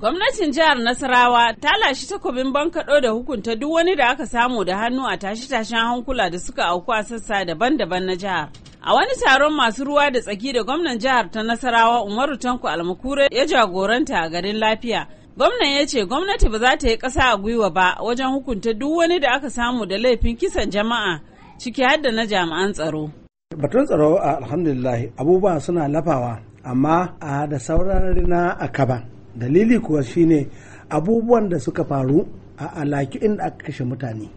Gwamnatin jihar Nasarawa ta lashe takobin bankaɗo da hukunta duk wani da aka samu da hannu a tashe-tashen hankula da suka auku a sassa daban-daban na jihar. A wani taron masu ruwa da tsaki da gwamnan jihar ta Nasarawa Umaru Tanko Almakure ya jagoranta a garin lafiya. Gwamnan ya ce gwamnati ba za ta yi ƙasa a gwiwa ba wajen hukunta duk wani da aka samu da laifin kisan jama'a ciki har da na jami'an tsaro. Batun tsaro alhamdulillah abubuwa suna lafawa amma a da sauran rina a kaba. dalili kuwa shine abubuwan da suka faru a alaki inda aka kashe mutane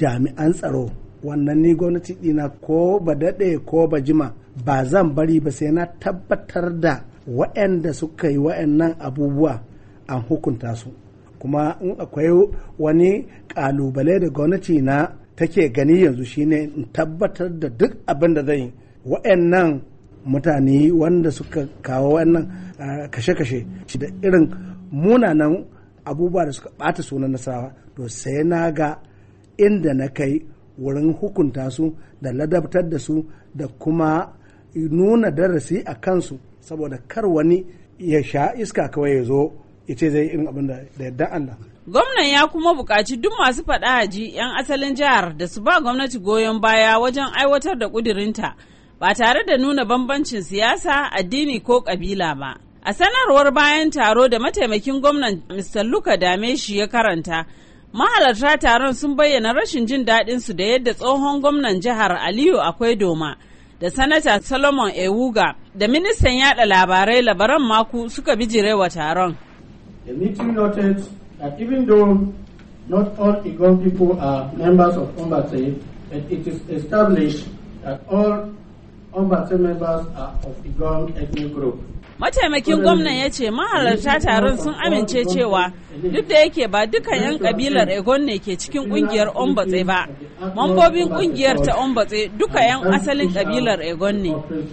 jami'an tsaro wannan ni gwamnati dina ko ba daɗe ko ba jima ba zan bari ba sai na tabbatar da waɗanda suka yi waɗannan abubuwa an hukunta su kuma in akwai wani ƙalubale da gwamnati na take gani yanzu shine in tabbatar da duk abin da zai yi waɗannan mutane wanda suka kawo wannan kashe-kashe da irin munanan abubuwa da suka ɓata sunan nasarawa to sai na ga inda na kai wurin hukunta su da ladabtar da su da kuma nuna darasi a kansu saboda kar wani ya sha iska kawai ya zo ya ce zai irin abin da yadda Allah. Gwamnan ya kuma buƙaci duk masu faɗa ji 'yan asalin jihar da su ba gwamnati goyon baya wajen aiwatar da ƙudurinta. ba tare da nuna bambancin siyasa, addini ko ƙabila ba. A sanarwar bayan taro da mataimakin gwamnan Mr. Luka dame shi ya karanta, mahalarta taron sun bayyana rashin jin daɗin su da yadda tsohon gwamnan jihar Aliyu akwai doma da sanata Solomon Ewuga da ministan yada labarai labaran maku suka wa taron. The meeting noted that even though not all people are members of it is established that all Mataimakin gwamnan ya ce mahalarta taron sun amince cewa duk da yake ba duka 'yan kabilar Egon ne ke cikin kungiyar Ombatse ba, mambobin kungiyar ta Ombatse duka 'yan asalin kabilar Egon ne.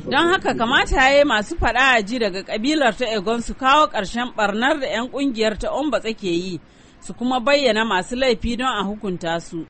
Don haka kamata ya yi masu faɗa ji daga kabilar ta Egon su kawo ƙarshen barnar da 'yan kungiyar ta Ombatse ke yi, su kuma bayyana masu laifi don a hukunta su.